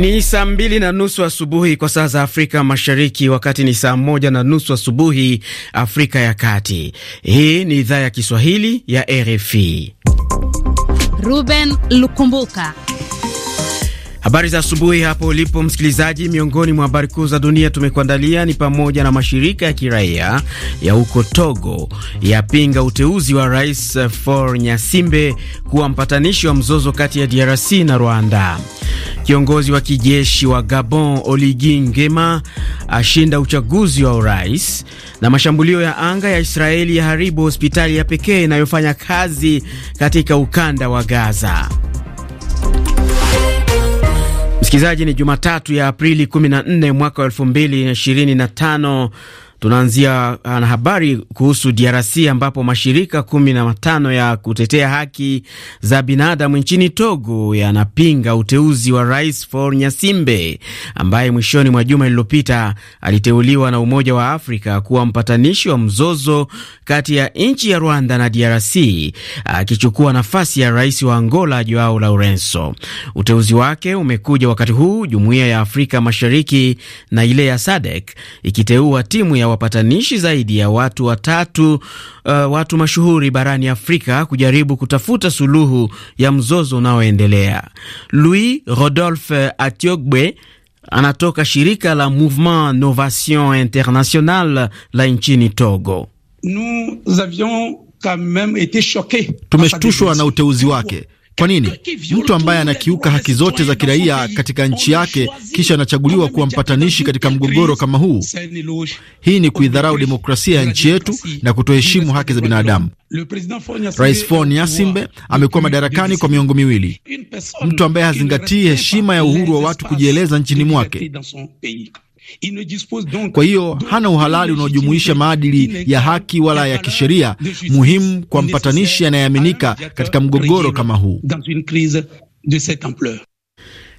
Ni saa mbili na nusu asubuhi kwa saa za Afrika Mashariki, wakati ni saa moja na nusu asubuhi Afrika ya Kati. Hii ni idhaa ya Kiswahili ya RFI. Ruben Lukumbuka Habari za asubuhi hapo ulipo msikilizaji. Miongoni mwa habari kuu za dunia tumekuandalia ni pamoja na mashirika ya kiraia ya huko Togo yapinga uteuzi wa Rais For Nyasimbe kuwa mpatanishi wa mzozo kati ya DRC na Rwanda. Kiongozi wa kijeshi wa Gabon Oligi Ngema ashinda uchaguzi wa urais, na mashambulio ya anga ya Israeli yaharibu hospitali ya pekee inayofanya kazi katika ukanda wa Gaza. Msikilizaji, ni Jumatatu ya Aprili 14 mwaka wa 2025. Tunaanzia uh, na habari kuhusu DRC ambapo mashirika kumi na matano ya kutetea haki za binadamu nchini Togo yanapinga uteuzi wa Rais Faure Nyasimbe ambaye mwishoni mwa juma lililopita aliteuliwa na Umoja wa Afrika kuwa mpatanishi wa mzozo kati ya nchi ya Rwanda na DRC akichukua nafasi ya rais wa Angola Joao Laurenso. Uteuzi wake umekuja wakati huu jumuiya ya Afrika Mashariki na ile ya SADC ikiteua timu ya wapatanishi zaidi ya watu watatu, uh, watu mashuhuri barani Afrika kujaribu kutafuta suluhu ya mzozo unaoendelea. Louis Rodolphe Atiogbe anatoka shirika la Mouvement Novation International la nchini Togo. Nous avions quand même été choqués. Tumeshtushwa na uteuzi wake kwa nini mtu ambaye anakiuka haki zote za kiraia katika nchi yake kisha anachaguliwa kuwa mpatanishi katika mgogoro kama huu? Hii ni kuidharau demokrasia ya nchi yetu na kutoheshimu haki za binadamu. Rais Faure Gnassingbe amekuwa madarakani kwa miongo miwili. Mtu ambaye hazingatii heshima ya uhuru wa watu kujieleza nchini mwake. Kwa hiyo hana uhalali unaojumuisha maadili ya haki wala ya kisheria, muhimu kwa mpatanishi anayeaminika katika mgogoro kama huu.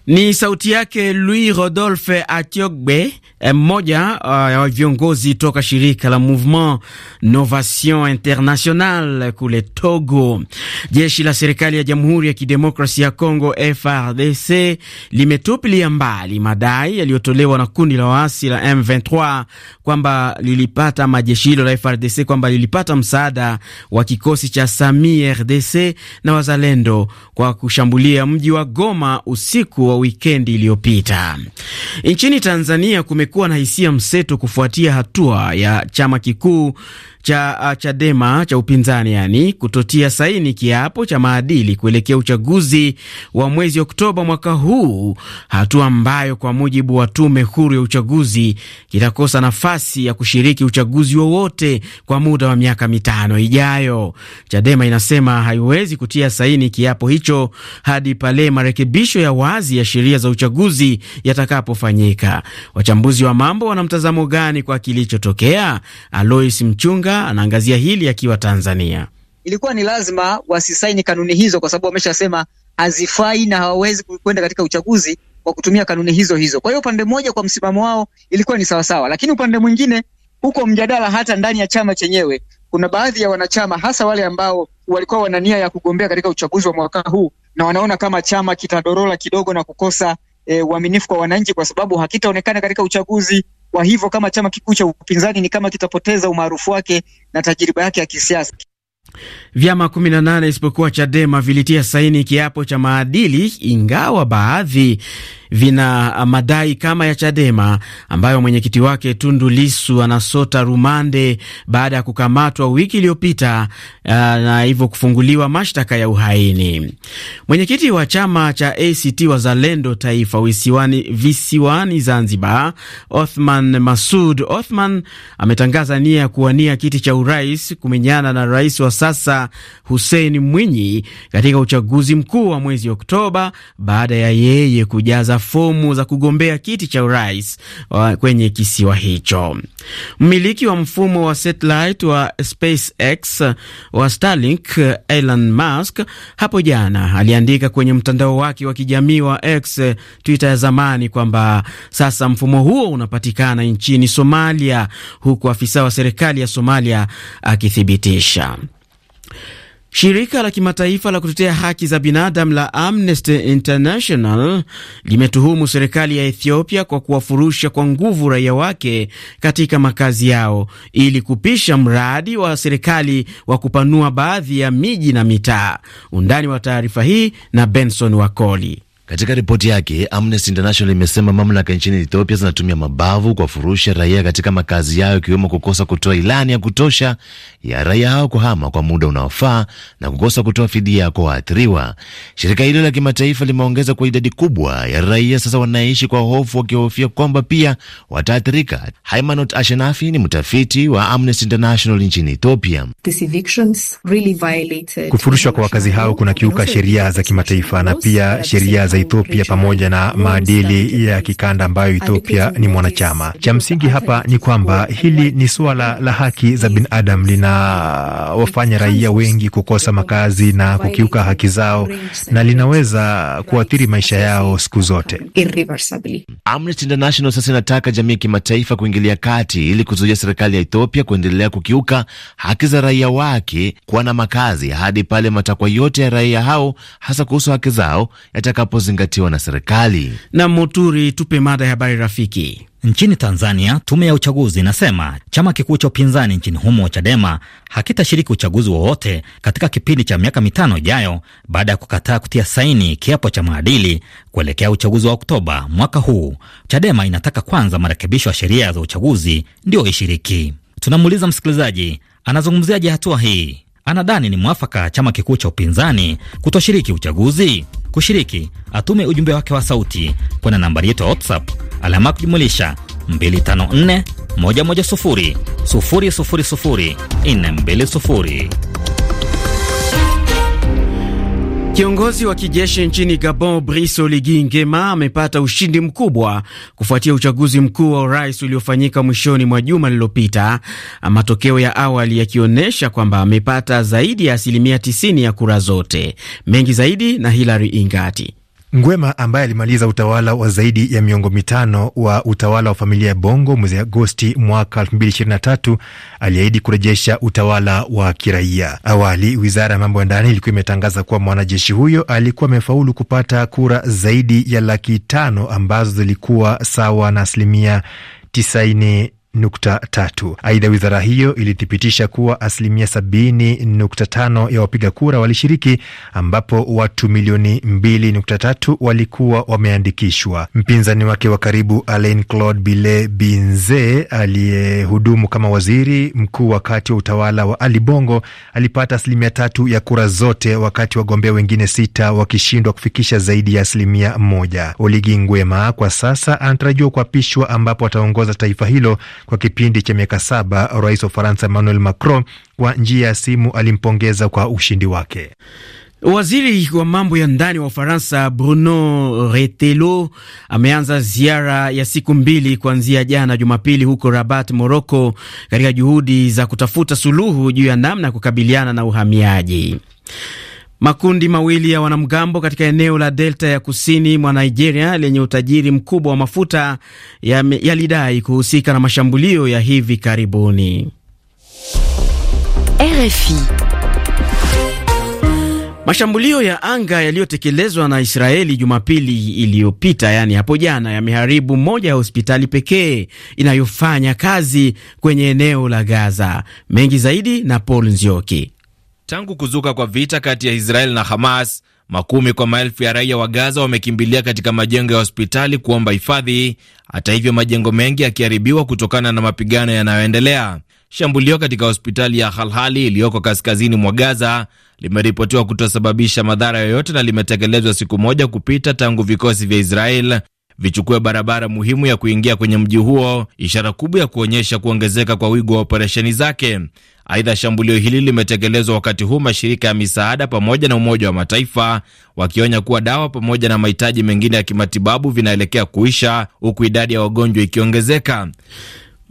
Ni sauti yake Louis Rodolphe Atiogbe, eh, mmoja eh, wa uh, viongozi toka shirika la Mouvement Novation International kule Togo. Jeshi la serikali ya Jamhuri ya kidemokrasi ya congo frdc limetupilia mbali madai yaliyotolewa na kundi la waasi la M23 kwamba lilipata majeshi hilo la FRDC kwamba lilipata msaada wa kikosi cha SAMI RDC na wazalendo kwa kushambulia mji wa Goma usiku wa wikendi iliyopita. Nchini Tanzania kumekuwa na hisia mseto kufuatia hatua ya chama kikuu cha Chadema cha upinzani yani, kutotia saini kiapo cha maadili kuelekea uchaguzi wa mwezi Oktoba mwaka huu, hatua ambayo kwa mujibu wa tume huru ya uchaguzi kitakosa nafasi ya kushiriki uchaguzi wowote kwa muda wa miaka mitano ijayo. Chadema inasema haiwezi kutia saini kiapo hicho hadi pale marekebisho ya wazi ya sheria za uchaguzi yatakapofanyika. Wachambuzi wa mambo wana mtazamo gani kwa kilichotokea? Alois Mchunga Odinga anaangazia hili akiwa Tanzania. Ilikuwa ni lazima wasisaini kanuni hizo kwa sababu wameshasema hazifai na hawawezi kwenda katika uchaguzi kwa kutumia kanuni hizo hizo. Kwa hiyo upande mmoja, kwa msimamo wao ilikuwa ni sawasawa, lakini upande mwingine, huko mjadala hata ndani ya chama chenyewe, kuna baadhi ya wanachama hasa wale ambao walikuwa wana nia ya kugombea katika uchaguzi wa mwaka huu na wanaona kama chama kitadorola kidogo na kukosa eh, uaminifu e, kwa wananchi, kwa sababu hakitaonekana katika uchaguzi kwa hivyo kama chama kikuu cha upinzani ni kama kitapoteza umaarufu wake na tajriba yake ya kisiasa. Vyama 18 isipokuwa Chadema vilitia saini kiapo cha maadili, ingawa baadhi vina madai kama ya Chadema ambayo mwenyekiti wake Tundu Lisu anasota rumande baada ya kukamatwa wiki iliyopita uh, na hivyo kufunguliwa mashtaka ya uhaini. Mwenyekiti wa chama cha ACT Wazalendo Taifa wisiwani, visiwani Zanzibar, Othman Masud Othman ametangaza nia ya kuwania kiti cha urais kumenyana na rais wa sasa Hussein Mwinyi katika uchaguzi mkuu wa mwezi Oktoba baada ya yeye kujaza fomu za kugombea kiti cha urais uh, kwenye kisiwa hicho. Mmiliki wa mfumo wa satellite wa SpaceX uh, wa Starlink, uh, Elon Musk, hapo jana aliandika kwenye mtandao wake wa kijamii wa X, Twitter ya zamani, kwamba sasa mfumo huo unapatikana nchini Somalia, huku afisa wa serikali ya Somalia akithibitisha. Shirika la kimataifa la kutetea haki za binadamu la Amnesty International limetuhumu serikali ya Ethiopia kwa kuwafurusha kwa nguvu raia wake katika makazi yao ili kupisha mradi wa serikali wa kupanua baadhi ya miji na mitaa. Undani wa taarifa hii na Benson Wakoli. Katika ripoti yake, Amnesty International imesema mamlaka nchini Ethiopia zinatumia mabavu kuwafurusha raia katika makazi yao, ikiwemo kukosa kutoa ilani ya kutosha ya raia hao kuhama kwa muda unaofaa na kukosa kutoa fidia kwa waathiriwa. Shirika hilo la kimataifa limeongeza kwa idadi kubwa ya raia sasa wanaishi kwa hofu, wakihofia kwamba pia wataathirika. Haimanot Ashenafi ni mtafiti wa Amnesty International nchini Ethiopia. Really kufurushwa kwa wakazi hao kuna kiuka sheria za kimataifa na pia sheria za Ethiopia pamoja na maadili ya kikanda ambayo Ethiopia ni mwanachama. Cha msingi hapa ni kwamba hili ni suala la haki za binadamu, linawafanya raia wengi kukosa makazi na kukiuka haki zao, na linaweza kuathiri maisha yao siku zote. Amnesty International sasa inataka jamii ya kimataifa kuingilia kati ili kuzuia serikali ya Ethiopia kuendelea kukiuka haki za raia wake kuwa na makazi hadi pale matakwa yote ya raia hao hasa kuhusu haki zao yatakapozi kuzingatiwa na serikali. Na Muturi, tupe mada ya habari rafiki. Nchini Tanzania, tume ya uchaguzi inasema chama kikuu cha upinzani nchini humo Chadema hakitashiriki uchaguzi wowote katika kipindi cha miaka mitano ijayo baada ya kukataa kutia saini kiapo cha maadili kuelekea uchaguzi wa Oktoba mwaka huu. Chadema inataka kwanza marekebisho ya sheria za uchaguzi ndio ishiriki. Tunamuuliza msikilizaji anazungumziaje hatua hii? anadhani ni mwafaka chama kikuu cha upinzani kutoshiriki uchaguzi. Kushiriki, atume ujumbe wake wa sauti kwenda nambari yetu ya WhatsApp alama ya kujumulisha 254 Kiongozi wa kijeshi nchini Gabon Brice Oligi ngema amepata ushindi mkubwa kufuatia uchaguzi mkuu wa urais uliofanyika mwishoni mwa juma lililopita, matokeo ya awali yakionyesha kwamba amepata zaidi ya asilimia 90 ya kura zote. Mengi zaidi na Hilary Ingati. Ngwema ambaye alimaliza utawala wa zaidi ya miongo mitano wa utawala wa familia ya Bongo mwezi Agosti mwaka 2023 aliahidi kurejesha utawala wa kiraia. Awali wizara ya mambo ya ndani ilikuwa imetangaza kuwa mwanajeshi huyo alikuwa amefaulu kupata kura zaidi ya laki tano ambazo zilikuwa sawa na asilimia tisaini nukta tatu. Aidha, wizara hiyo ilithibitisha kuwa asilimia sabini nukta tano ya wapiga kura walishiriki, ambapo watu milioni mbili nukta tatu walikuwa wameandikishwa. Mpinzani wake wa karibu Alain Claude Bile Binze aliyehudumu kama waziri mkuu wakati wa utawala wa Ali Bongo alipata asilimia tatu ya kura zote, wakati wagombea wengine sita wakishindwa kufikisha zaidi ya asilimia moja. Oligi Nguema kwa sasa anatarajiwa kuapishwa, ambapo ataongoza taifa hilo kwa kipindi cha miaka saba, rais wa Ufaransa Emmanuel Macron kwa njia ya simu alimpongeza kwa ushindi wake. Waziri wa mambo ya ndani wa Ufaransa Bruno Retelo ameanza ziara ya siku mbili kuanzia jana Jumapili huko Rabat, Moroko, katika juhudi za kutafuta suluhu juu ya namna ya kukabiliana na uhamiaji. Makundi mawili ya wanamgambo katika eneo la delta ya kusini mwa Nigeria lenye utajiri mkubwa wa mafuta yalidai ya kuhusika na mashambulio ya hivi karibuni. RFI. Mashambulio ya anga yaliyotekelezwa na Israeli Jumapili iliyopita, yaani hapo jana, yameharibu moja ya hospitali pekee inayofanya kazi kwenye eneo la Gaza. Mengi zaidi na Paul Nzioki. Tangu kuzuka kwa vita kati ya Israel na Hamas, makumi kwa maelfu ya raia wa Gaza wamekimbilia katika majengo ya hospitali kuomba hifadhi. Hata hivyo, majengo mengi yakiharibiwa kutokana na mapigano yanayoendelea. Shambulio katika hospitali ya Halhali iliyoko kaskazini mwa Gaza limeripotiwa kutosababisha madhara yoyote na limetekelezwa siku moja kupita tangu vikosi vya Israel vichukue barabara muhimu ya kuingia kwenye mji huo, ishara kubwa ya kuonyesha kuongezeka kwa wigo wa operesheni zake. Aidha, shambulio hili limetekelezwa wakati huu mashirika ya misaada pamoja na Umoja wa Mataifa wakionya kuwa dawa pamoja na mahitaji mengine ya kimatibabu vinaelekea kuisha, huku idadi ya wagonjwa ikiongezeka.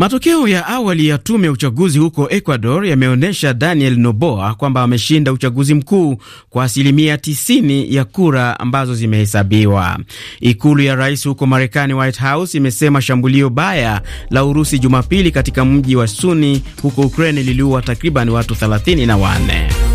Matokeo ya awali ya tume ya uchaguzi huko Ecuador yameonyesha Daniel Noboa kwamba ameshinda uchaguzi mkuu kwa asilimia 90 ya kura ambazo zimehesabiwa. Ikulu ya rais huko Marekani, White House, imesema shambulio baya la Urusi Jumapili katika mji wa Suni huko Ukraine liliua takriban watu 34.